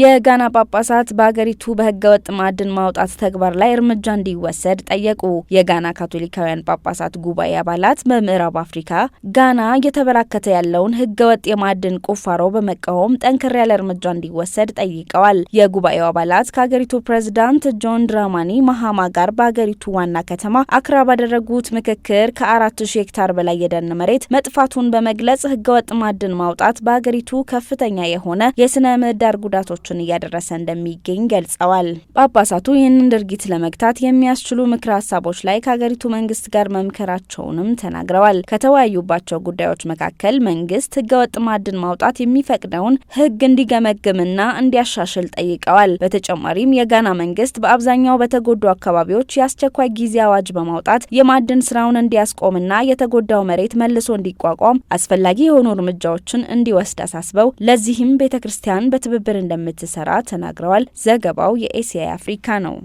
የጋና ጳጳሳት በህገ በህገወጥ ማዕድን ማውጣት ተግባር ላይ እርምጃ እንዲወሰድ ጠየቁ። የጋና ካቶሊካውያን ጳጳሳት ጉባኤ አባላት በምዕራብ አፍሪካ ጋና እየተበራከተ ያለውን ህገወጥ የማዕድን ቁፋሮ በመቃወም ጠንከር ያለ እርምጃ እንዲወሰድ ጠይቀዋል። የጉባኤው አባላት ከሀገሪቱ ፕሬዝዳንት ጆን ድራማኒ ማሃማ ጋር በሀገሪቱ ዋና ከተማ አክራ ባደረጉት ምክክር ከአራት ሺ ሄክታር በላይ የደን መሬት መጥፋቱን በመግለጽ ህገወጥ ማዕድን ማውጣት በሀገሪቱ ከፍተኛ የሆነ የስነ ምህዳር ጉዳቶች ጉዳቶችን እያደረሰ እንደሚገኝ ገልጸዋል። ጳጳሳቱ ይህንን ድርጊት ለመግታት የሚያስችሉ ምክረ ሀሳቦች ላይ ከሀገሪቱ መንግስት ጋር መምከራቸውንም ተናግረዋል። ከተወያዩባቸው ጉዳዮች መካከል መንግስት ህገወጥ ማዕድን ማውጣት የሚፈቅደውን ህግ እንዲገመግምና እንዲያሻሽል ጠይቀዋል። በተጨማሪም የጋና መንግስት በአብዛኛው በተጎዱ አካባቢዎች የአስቸኳይ ጊዜ አዋጅ በማውጣት የማዕድን ስራውን እንዲያስቆምና የተጎዳው መሬት መልሶ እንዲቋቋም አስፈላጊ የሆኑ እርምጃዎችን እንዲወስድ አሳስበው ለዚህም ቤተ ክርስቲያን በትብብር እንደምት እንደምትሰራ ተናግረዋል። ዘገባው የኤሲያ አፍሪካ ነው።